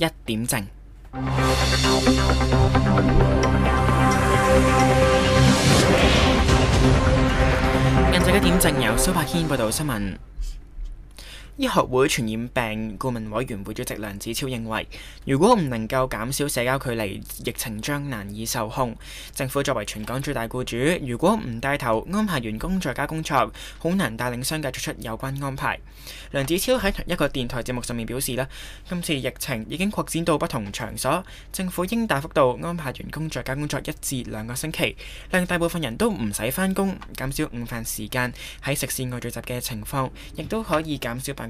一點正，今日嘅點正由蘇柏軒報道新聞。醫學會傳染病顧問委員會主席梁子超認為，如果唔能夠減少社交距離，疫情將難以受控。政府作為全港最大雇主，如果唔帶頭安排員工在家工作，好難帶領商界作出，出有關安排。梁子超喺一個電台節目上面表示啦，今次疫情已經擴展到不同場所，政府應大幅度安排員工在家工作一至兩個星期，令大部分人都唔使返工，減少午飯時間喺食肆外聚集嘅情況，亦都可以減少辦。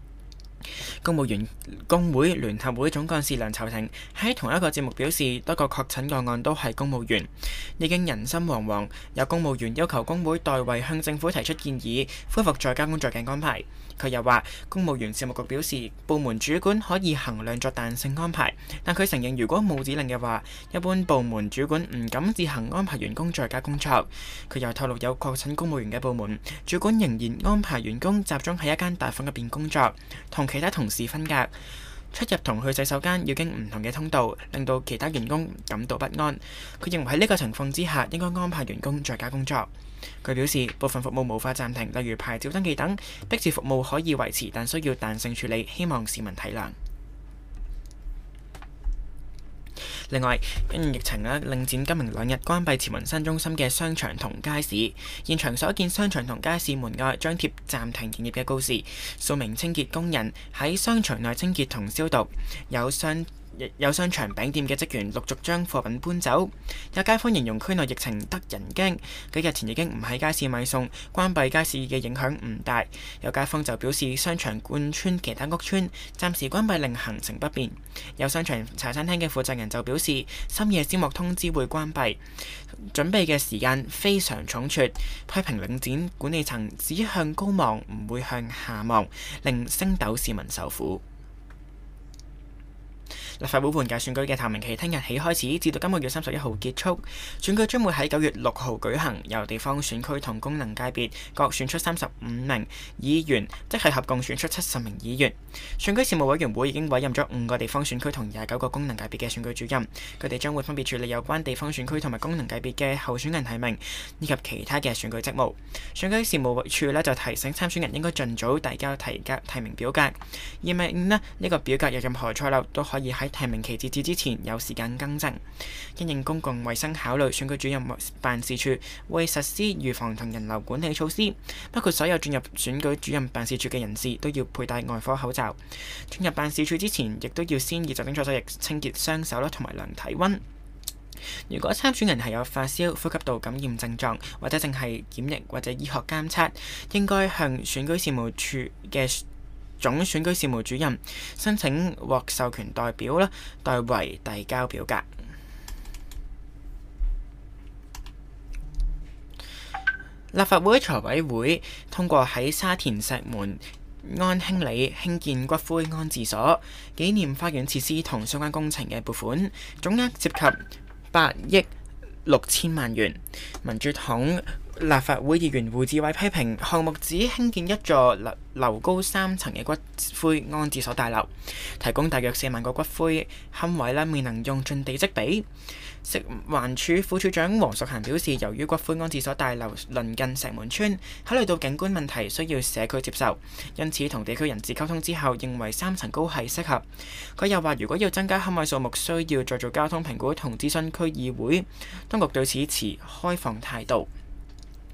公務員工會聯合會總幹事梁籌庭喺同一個節目表示，多個確診個案都係公務員，已經人心惶惶。有公務員要求工會代為向政府提出建議，恢復在家工作嘅安排。佢又話，公務員事務局表示，部門主管可以衡量作彈性安排，但佢承認如果冇指令嘅話，一般部門主管唔敢自行安排員工在家工作。佢又透露，有確診公務員嘅部門主管仍然安排員工集中喺一間大房入邊工作。同其他同事分隔出入，同去洗手間要經唔同嘅通道，令到其他員工感到不安。佢認為喺呢個情況之下，應該安排員工在家工作。佢表示，部分服務無法暫停，例如牌照登記等，迫切服務可以維持，但需要彈性處理，希望市民體諒。另外，因疫情咧，領展今明兩日關閉慈雲山中心嘅商場同街市。現場所見，商場同街市門外張貼暫停營業嘅告示，數名清潔工人喺商場內清潔同消毒，有商。有商場餅店嘅職員陸續將貨品搬走，有街坊形容區內疫情得人驚，幾日前已經唔喺街市買餸，關閉街市嘅影響唔大。有街坊就表示商場貫穿其他屋村，暫時關閉令行程不便。有商場茶餐廳嘅負責人就表示深夜消滅通知會關閉，準備嘅時間非常倉促，批評領展管理層只向高望唔會向下望，令星斗市民受苦。立法會換屆選舉嘅提名期，聽日起開始，至到今個月三十一號結束。選舉將會喺九月六號舉行，由地方選區同功能界別各選出三十五名議員，即係合共選出七十名議員。選舉事務委員會已經委任咗五個地方選區同廿九個功能界別嘅選舉主任，佢哋將會分別處理有關地方選區同埋功能界別嘅候選人提名，以及其他嘅選舉職務。選舉事務處呢就提醒參選人應該盡早提交提格提名表格，而萬一呢一、呢個表格有任何錯漏都可以喺提名期截止之前有時間更正。因應公共衛生考慮，選舉主任辦事處會實施預防同人流管理措施，包括所有進入選舉主任辦事處嘅人士都要佩戴外科口罩。進入辦事處之前，亦都要先以酒精搓手液清潔雙手啦，同埋量體溫。如果參選人係有發燒、呼吸道感染症狀，或者淨係檢疫或者醫學監測，應該向選舉事務處嘅。總選舉事務主任申請獲授權代表啦，代為遞交表格。立法會財委會通過喺沙田石門安興里興建骨灰安置所紀念花園設施同相關工程嘅撥款，總額涉及八億六千萬元。民主黨立法會議員胡志偉批評項目只興建一座樓樓高三層嘅骨灰安置所大樓，提供大約四萬個骨灰龕位啦，未能用盡地積比。食環署副署長黃淑賢表示，由於骨灰安置所大樓鄰近石門村，考慮到景觀問題，需要社區接受，因此同地區人士溝通之後，認為三層高係適合。佢又話，如果要增加龕位數目，需要再做交通評估同諮詢區議會。當局對此持開放態度。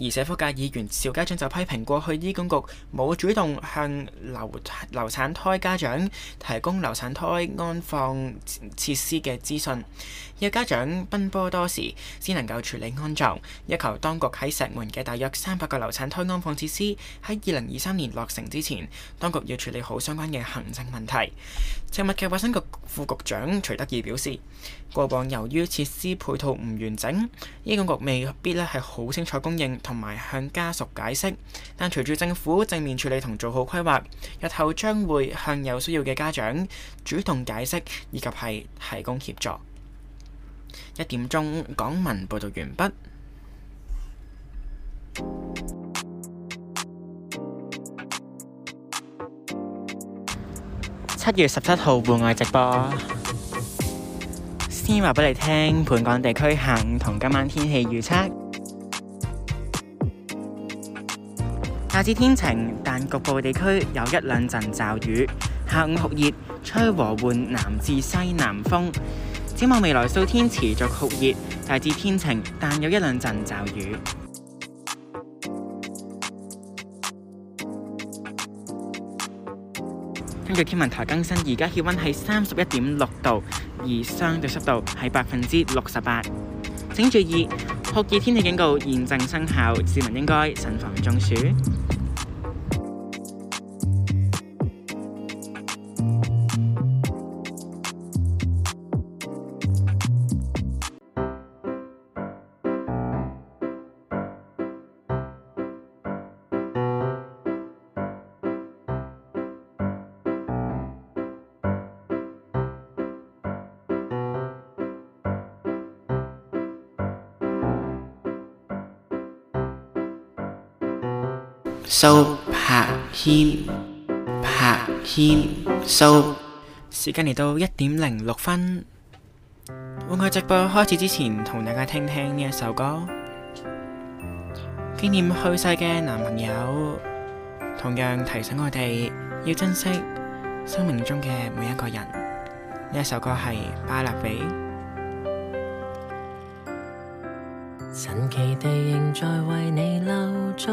而社福界議員邵家臻就批評過去醫管局冇主動向流流產胎家長提供流產胎安放設施嘅資訊，有家長奔波多時先能夠處理安葬。要求當局喺石門嘅大約三百個流產胎安放設施喺二零二三年落成之前，當局要處理好相關嘅行政問題。食物及衞生局副局長徐德義表示，過往由於設施配套唔完整，醫管局未必咧係好清楚供應。同埋向家屬解釋，但隨住政府正面處理同做好規劃，日後將會向有需要嘅家長主動解釋以及係提供協助。一點鐘，港聞報道完畢。七月十七號戶外直播，先話俾你聽，本港地區下午同今晚天氣預測。大致天晴，但局部地區有一兩陣驟雨。下午酷熱，吹和緩南至西南風。展望未來數天持續酷熱，大致天晴，但有一兩陣驟雨。根據天文台更新，而家氣溫係三十一點六度，而相對濕度係百分之六十八。請注意。酷熱天氣警告現正生效，市民應該慎防中暑。蘇柏謙，柏謙蘇，時間嚟到一點零六分，戶外直播開始之前，同大家聽聽呢一首歌，紀念去世嘅男朋友，同樣提醒我哋要珍惜生命中嘅每一個人。呢一首歌係巴勒比，神奇地仍在為你留著。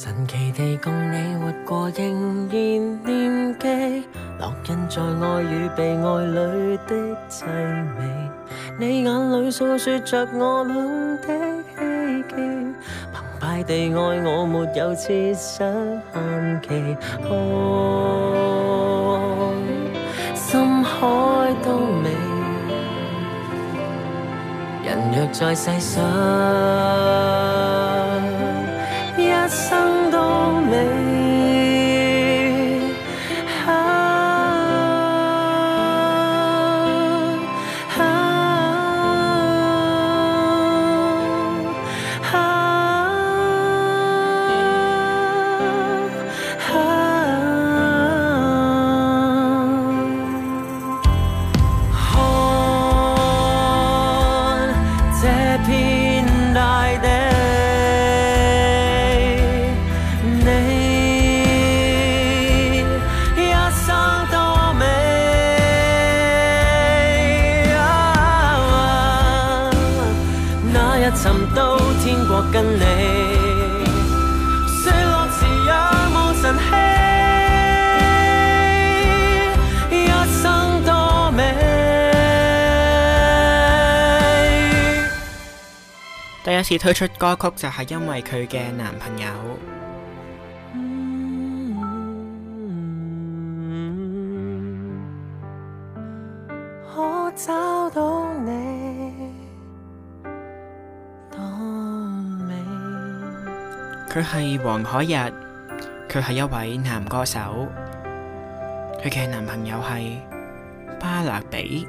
神奇地共你活過，仍然念記烙印在愛與被愛裏的凄美。你眼裏訴說着我倆的希冀，澎湃地愛我沒有設想限期，看深海都美，人若在世上。次推出歌曲就係因為佢嘅男朋友。可找到你多美？佢係黃凱逸，佢係一位男歌手。佢嘅男朋友係巴勒比。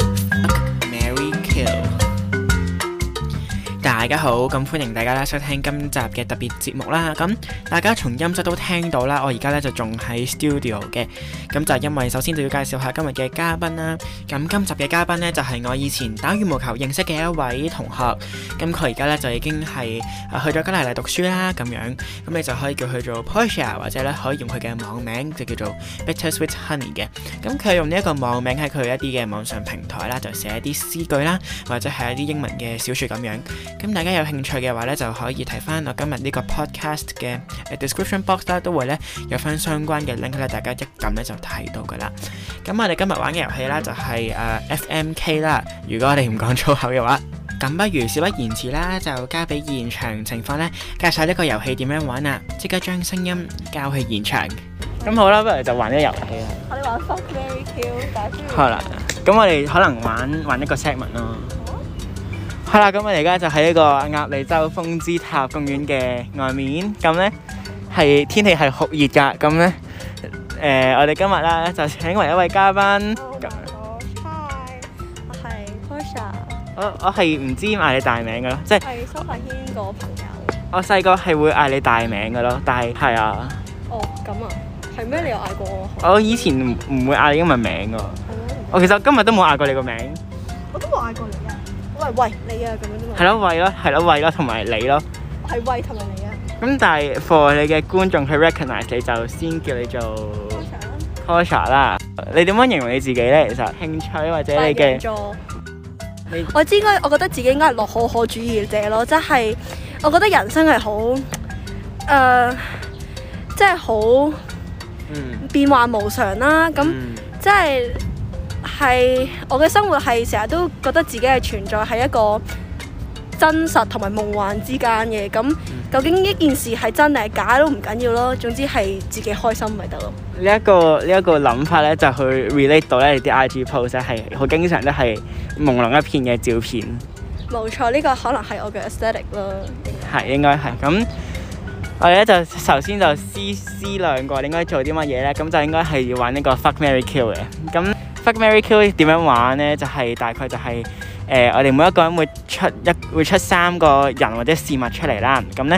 大家好，咁歡迎大家咧，收聽今集嘅特別節目啦。咁大家從音質都聽到啦，我而家咧就仲喺 studio 嘅，咁就係因為首先就要介紹一下今日嘅嘉賓啦。咁今集嘅嘉賓呢，就係、是、我以前打羽毛球認識嘅一位同學，咁佢而家咧就已經係啊去咗加拿大讀書啦，咁樣，咁你就可以叫佢做 Portia 或者咧可以用佢嘅網名就叫做 Bittersweet Honey 嘅。咁佢用呢一個網名喺佢一啲嘅網上平台啦，就寫一啲詩句啦，或者係一啲英文嘅小説咁樣，咁大家有興趣嘅話咧，就可以睇翻我今日呢個 podcast 嘅 description box 啦、啊，都會咧有返相關嘅 link 咧，大家一撳咧就睇到噶啦。咁我哋今日玩嘅遊戲啦、就是，就係誒 FMK 啦。如果我哋唔講粗口嘅話，咁不如事不宜遲啦，就交俾現場情況咧，介紹下呢個遊戲點樣玩啊！即刻將聲音交去現場。咁、嗯、好啦，不如就玩呢個遊戲啦。我哋們玩 Fuck Very Cute。係啦，咁我哋可能玩玩一個 segment 咯。好啦，咁我而家就喺一個鴨脷洲風之塔公園嘅外面。咁咧係天氣係好熱噶。咁咧，誒，我哋今日咧就請為一位嘉賓。咁，Hi，我係 Portia。我我係唔知嗌你大名噶咯，即係。係周柏謙個朋友。我細個係會嗌你大名噶咯，但係係啊。哦，咁啊？係咩？你有嗌過我？我以前唔唔會嗌你英文名噶。哦。我其實今日都冇嗌過你個名。我都冇嗌過你。喂，你啊，咁樣啫嘛。係咯，喂咯，係咯，喂咯，同埋你咯。係喂同埋你啊。咁但係 for 你嘅觀眾，去 recognise 你就先叫你做 coacher。coacher 啦。你點樣形容你自己咧？其實興趣或者你嘅。我知應該，我覺得自己應該係樂呵呵主義者咯，即係我覺得人生係好誒，即係好變幻無常啦。咁即係。係我嘅生活，係成日都覺得自己係存在喺一個真實同埋夢幻之間嘅。咁究竟呢件事係真定係假都唔緊要咯，總之係自己開心咪得咯。這個這個、呢一個呢一個諗法咧，就去 relate 到咧啲 IG post 係好經常都係朦朧一片嘅照片。冇錯，呢、這個可能係我嘅 aesthetic 咯。係應該係咁，我哋咧就首先就思思量過應該做啲乜嘢咧。咁就應該係要玩呢個 fuck Marry Kill 嘅咁。fuck marry kill 點樣玩呢？就係、是、大概就係、是、誒、呃，我哋每一個人會出一會出三個人或者事物出嚟啦。咁呢，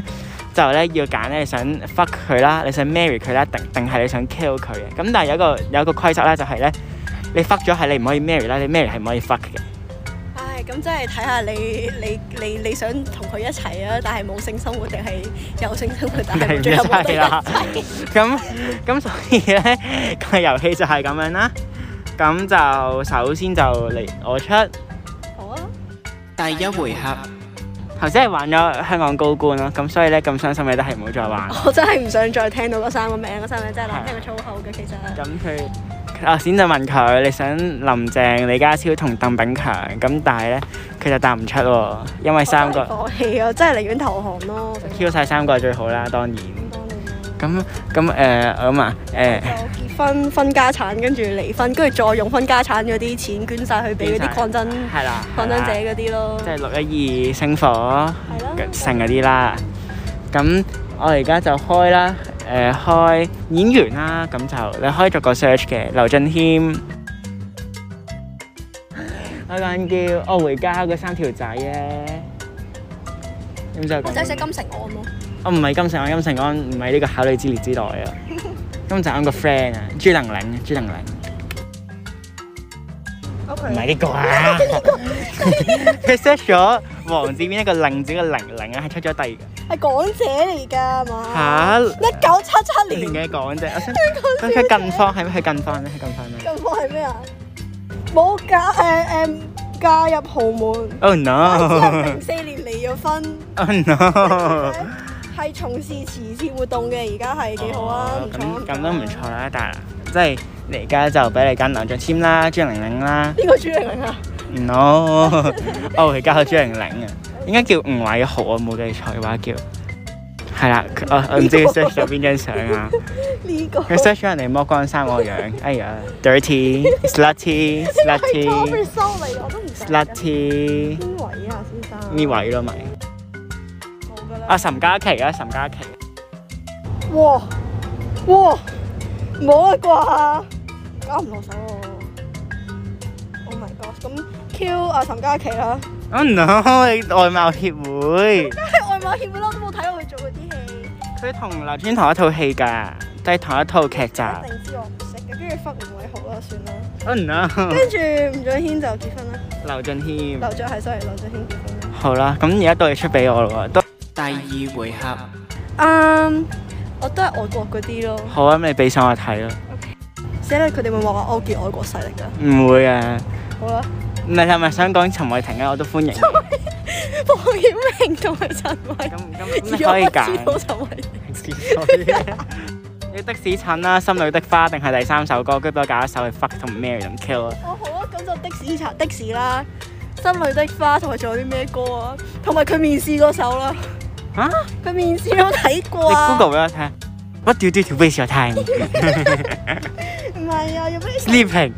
就呢，要揀咧，你想 fuck 佢啦，你想 marry 佢啦，定定係你想 kill 佢嘅。咁但係有一個有一個規則咧，就係呢：你 fuck 咗係你唔可以 marry 啦，你 marry 係唔可以 fuck 嘅。唉，咁即係睇下你你你你想同佢一齊啊，但係冇性生活定係有性生活？但係啦，咁咁是 所以呢，呢個遊戲就係咁樣啦。咁就首先就嚟我出，好啊，第一回合。頭先係玩咗香港高官啦，咁所以咧咁傷心嘅都係唔好再玩。我真係唔想再聽到嗰三個名，嗰三名真係難聽個粗口嘅其實。咁佢啊，先就問佢，你想林鄭、李家超同鄧炳強，咁但係咧佢就答唔出喎，因為三個。我氣啊，真係寧願投降咯。挑曬三個係最好啦，當然。咁咁誒咁啊誒，結婚分家產，跟住離婚，跟住再用分家產嗰啲錢捐曬去俾嗰啲抗爭，係啦抗爭者嗰啲咯，即係六一二星火神嗰啲啦。咁我哋而家就開啦，誒開演員啦，咁就你開咗個 search 嘅劉俊謙。我講叫我回家嗰三條仔啊，咁就我仔寫金城安咯。我唔係金城安，金城安唔係呢個考慮之列之內啊！金城安個 friend 啊，朱玲玲，朱玲玲，唔係呢個啊！佢識咗黃子彥一個玲字嘅玲玲啊，係出咗第二個，係港姐嚟㗎嘛？嚇！一九七七年嘅港姐，啊！佢近況係係近況咩？係近況咩？近況係咩啊？冇㗎，係誒嫁入豪門。Oh no！零四年離咗婚。Oh no！係從事慈善活動嘅，而家係幾好啊！咁咁都唔錯啦，但係即係你而家就俾你揀梁俊添啦、朱玲玲啦。邊個朱玲玲啊？no，我而家係朱玲玲啊，應該叫吳偉豪啊，我冇記錯嘅話叫。係啦，我唔知佢 search 咗邊張相啊？呢個。佢 search 咗人哋摩光生個樣？哎呀，dirty，slutty，slutty，我都唔識，slutty，邊位啊，先生？呢位咯，咪？阿岑嘉琪啊，岑嘉琪。哇哇，冇啦啩，搞唔落手喎。Oh my god！咁 Q 阿岑嘉琪啦。I know，外貌協會。梗係外貌協會啦，都冇睇佢做嗰啲戲。佢同劉天彤同一套戲噶，都係同一套劇集。一定知我唔識嘅，跟住分唔會好啦，算啦。I know。跟住吳卓羲就結婚啦。劉俊謙。劉俊係所以劉俊謙結婚。好啦，咁而家到你出俾我咯喎，都。第二回合，嗯，我都係外國嗰啲咯。好啊，咁你俾上我睇啦。或者佢哋會話我結外國勢力噶？唔會啊。好啊。唔係，係咪想講陳偉霆啊？我都歡迎。黃曉明同埋陳偉霆，你可以揀。你的士襯啦，心裏的花，定係第三首歌？跟住俾我搞一首係《fuck》同《Marry Don't Kill》啊。哦好啊，咁就的士襯的士啦，心裏的花，同埋仲有啲咩歌啊？同埋佢面試嗰首啦。啊！佢面試都睇過。你 Google 俾我聽，what do you do to waste your time，太唔係啊！又咩？sleeping。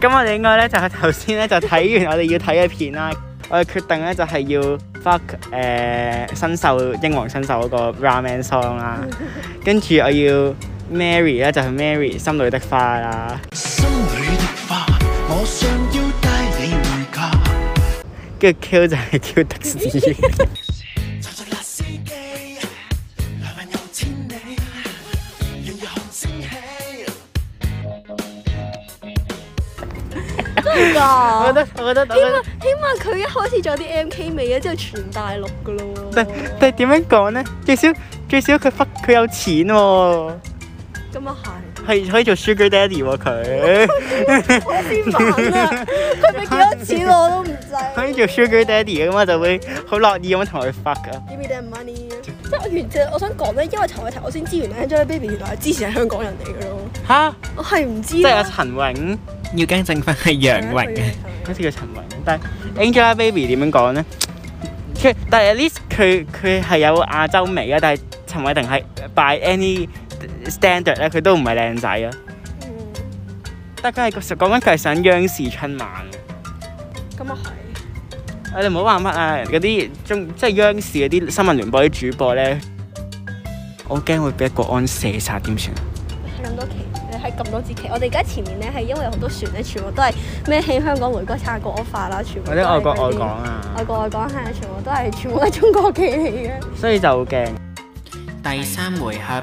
咁我哋應該咧就係頭先咧就睇完我哋要睇嘅片啦，我哋決定咧就係要 fuck 誒，新秀英皇新秀嗰個 Ramen Song 啦，跟住我要。Mary 咧就係 Mary 心裏的花啦。心裏的花，我想要帶你回家。跟住 Kill 就係 Kill 的士。真係噶？我覺得我覺得，起碼起碼佢一開始仲有啲 M K 味啊，之後全大陸噶咯。但但點樣講咧？最少最少佢 fuck 佢有錢喎。咁啊係，係、嗯、可以做 Sugar Daddy 喎佢， 好聰明啊！佢咪幾多錢我都唔制。可以做 Sugar Daddy 嘅咁啊，就會好樂意咁樣同佢 fuck 啊。Give me that money 即係我完即我想講咧，因為陳偉霆我先知 Baby, 原來 Angelababy 原來係之前係香港人嚟嘅咯。吓哈？我係唔知道。即係陳偉，你又驚正翻係楊穎嘅，好似叫陳偉，但 Angelababy 點樣講咧？即係、嗯、但係 at least 佢佢係有亞洲味啊，但係陳偉霆係 by any。standard 咧，佢都唔係靚仔啊。嗯。但係佢係，實講緊佢係上央視春晚。咁啊係。啊你唔好話乜啊，嗰啲中即係央視嗰啲新聞聯播啲主播咧，我驚會俾國安射殺點算？咁多旗，你喺咁多支旗，我哋而家前面咧係因為有好多船咧，全部都係咩慶香港回歸、唱國歌法啦，全部。或者外國外港啊？外國外港係全部都係，全部都係中國旗嚟嘅。所以就驚。第三回合。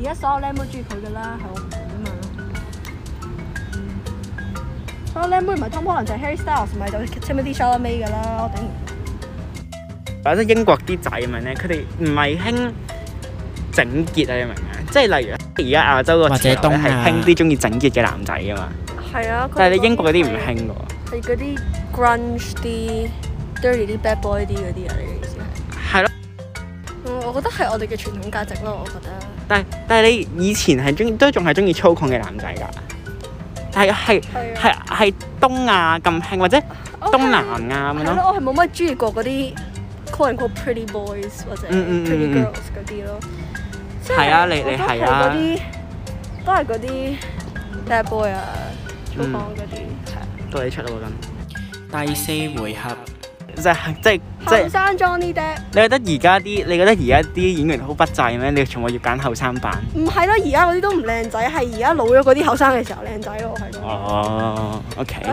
而家所有靚妹中意佢噶啦，係我明啊嘛！所有靚妹唔係通可能就係 Harry Styles，唔係就係、Timothy Chalamet 噶啦，我頂。明或者、啊啊、英國啲仔咁樣咧，佢哋唔係興整潔啊，你明唔明？即係例如而家亞洲個者咧，係興啲中意整潔嘅男仔啊嘛。係啊。但係你英國嗰啲唔興喎。係嗰啲 grunge 啲、dirty 啲、bad boy 啲嗰啲啊？你意思係？係咯的、嗯。我覺得係我哋嘅傳統價值咯，我覺得。但係但係你以前係中意都仲係中意粗狂嘅男仔㗎，但係係係係東亞咁興或者是東南亞咁咯。我係冇乜中意過嗰啲 call 人 call pretty boys 或者 pretty girls 嗰啲咯。係啊，你他你係是啲、啊、都係嗰啲 bad boy 啊，粗狂嗰啲。都係、嗯啊、出到嗰陣。第四回合，即係即係。後生 Johnny Depp 你覺得而家啲你覺得而家啲演員好不濟咩？你全部要揀後生版？唔係咯，而家嗰啲都唔靚仔，係而家老咗嗰啲後生嘅時候靚仔咯，係哦，OK。OK。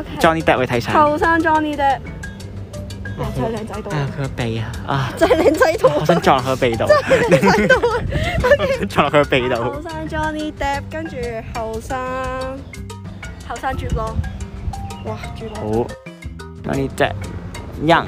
後生 Johnny Depp，啊，真係靚仔到。啊，佢個鼻啊，啊，真係靚仔到。我想撞佢鼻度。真係靚仔到啊！我想撞佢鼻度真係靚仔到啊撞佢鼻度後生 Johnny Depp，跟住後生，後生絕咯！哇，絕好！Johnny Depp，Young。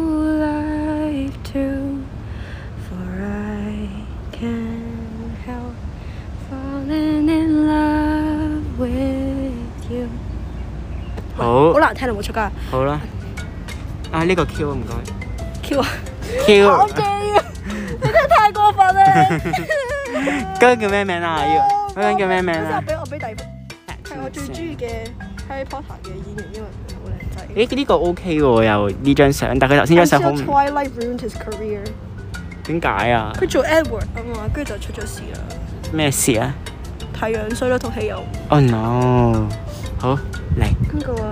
聽到冇出街。好啦，啊呢個 Q 唔該。Q 啊，好驚啊！你真係太過分啦！哥叫咩名啊？哥叫咩名？我俾我俾第二幅，係我最中意嘅 Harry Potter 嘅演員，因為佢好靚仔。誒呢個 OK 喎，又呢張相，但係佢頭先張相好唔？Twilight ruined his career。點解啊？佢做 Edward 啊嘛，跟住就出咗事啦。咩事啊？太樣衰啦！套戲又。Oh no！好嚟。邊個啊？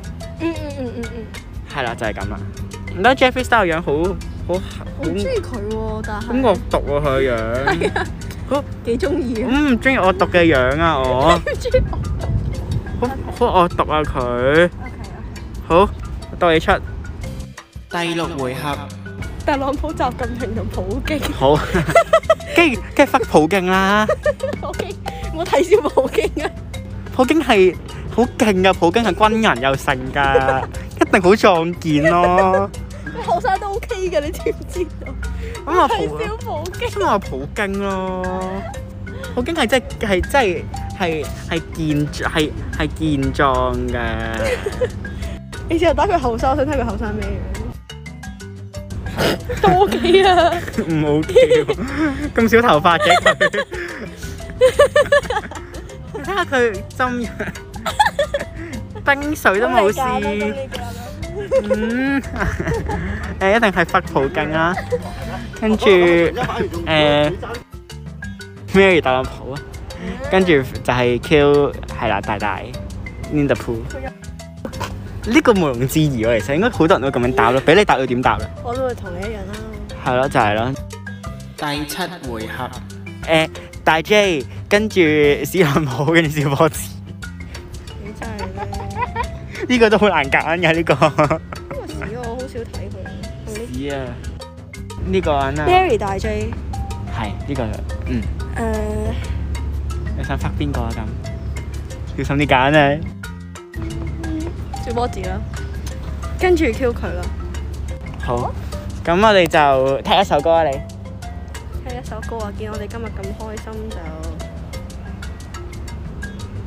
係啦，就係咁啦。唔得，Jeffrey Star 嘅樣好好好中意佢喎，但係好惡毒啊佢樣。係啊，好幾中意。唔中意惡毒嘅樣啊我。中意好好惡毒啊佢。好，O K O K。好，我代你出。第六回合。特朗普、習近平同普京。 好。跟住跟住 fuck 普京啦。普京，唔好睇笑小普京啊。普京係好勁噶，普京係軍人又成噶。 一定好壯健咯！後生都 OK 嘅，你知唔知道？咁啊，啊普，咁啊普京咯，普京係、啊、真係真係係係健係係健壯嘅。你試下打佢後生，我想睇佢後生咩樣。 多啲氣啊了 叫！唔 OK，咁少頭髮嘅， 你睇下佢浸冰水都冇事。誒，一定係 fuck 普京啦！跟住誒 marry 特朗普啊？跟住就係 kill 係啦，大大黏得鋪。呢個毋庸置疑啊，其實應該好多人都咁樣答咯。俾你答，你點答咧？我都會同你一樣啦。係咯，就係咯。第七回合誒，大 J 跟住 C 朗浦跟住小波子。呢個都好難揀嘅呢個。呢個屎我好少睇佢。屎啊！呢個啊。Derry 大 J。係呢個，嗯。誒，你想發邊個啊？咁，小心啲揀啊！叫波子啦，跟住 Q 佢啦。好。咁我哋就聽一首歌啊，你。聽一首歌啊，見我哋今日咁開心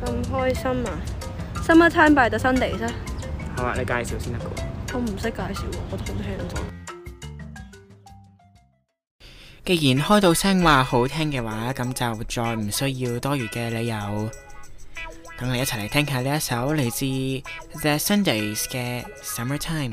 就咁開心啊！Summertime by The Sundays，好啊，你介紹先得㗎。我唔識介紹喎，我都好聽。既然開到聲話好聽嘅話，咁就再唔需要多餘嘅理由，等你一齊嚟聽下呢一首嚟自 The Sundays 嘅 Summertime。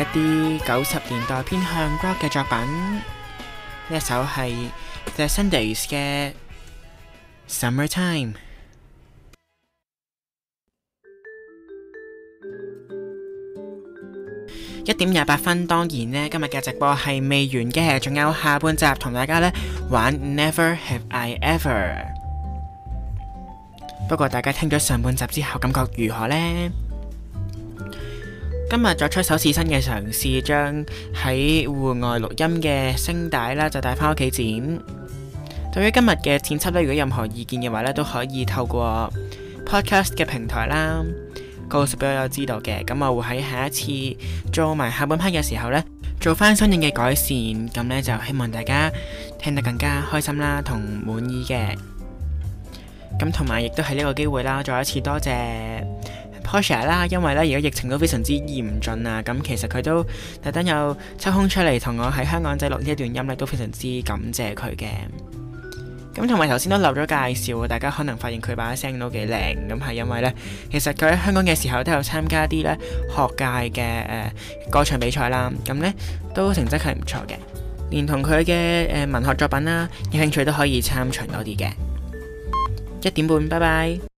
一啲九十年代偏向 rock 嘅作品，呢一首係 The Sundays 嘅 Summertime。一點廿八分，當然呢，今日嘅直播係未完嘅，仲有下半集同大家呢玩 Never Have I Ever。不過大家聽咗上半集之後，感覺如何呢？今日作出首次新嘅嘗試，將喺戶外錄音嘅聲帶啦，就帶返屋企剪。對於今日嘅剪輯咧，如果任何意見嘅話咧，都可以透過 Podcast 嘅平台啦，告訴俾我，我知道嘅。咁我會喺下一次做埋下半 part 嘅時候咧，做翻相應嘅改善。咁咧就希望大家聽得更加開心啦，同滿意嘅。咁同埋亦都係呢個機會啦，再一次多謝。開 share 啦，因為呢而家疫情都非常之嚴峻啊，咁其實佢都特登有抽空出嚟同我喺香港仔錄呢一段音呢，都非常之感謝佢嘅。咁同埋頭先都漏咗介紹，大家可能發現佢把聲都幾靚，咁係因為呢，其實佢喺香港嘅時候都有參加啲咧學界嘅誒、呃、歌唱比賽啦，咁呢都成績係唔錯嘅，連同佢嘅誒文學作品啦，有興趣都可以參詳多啲嘅。一點半，30，拜拜。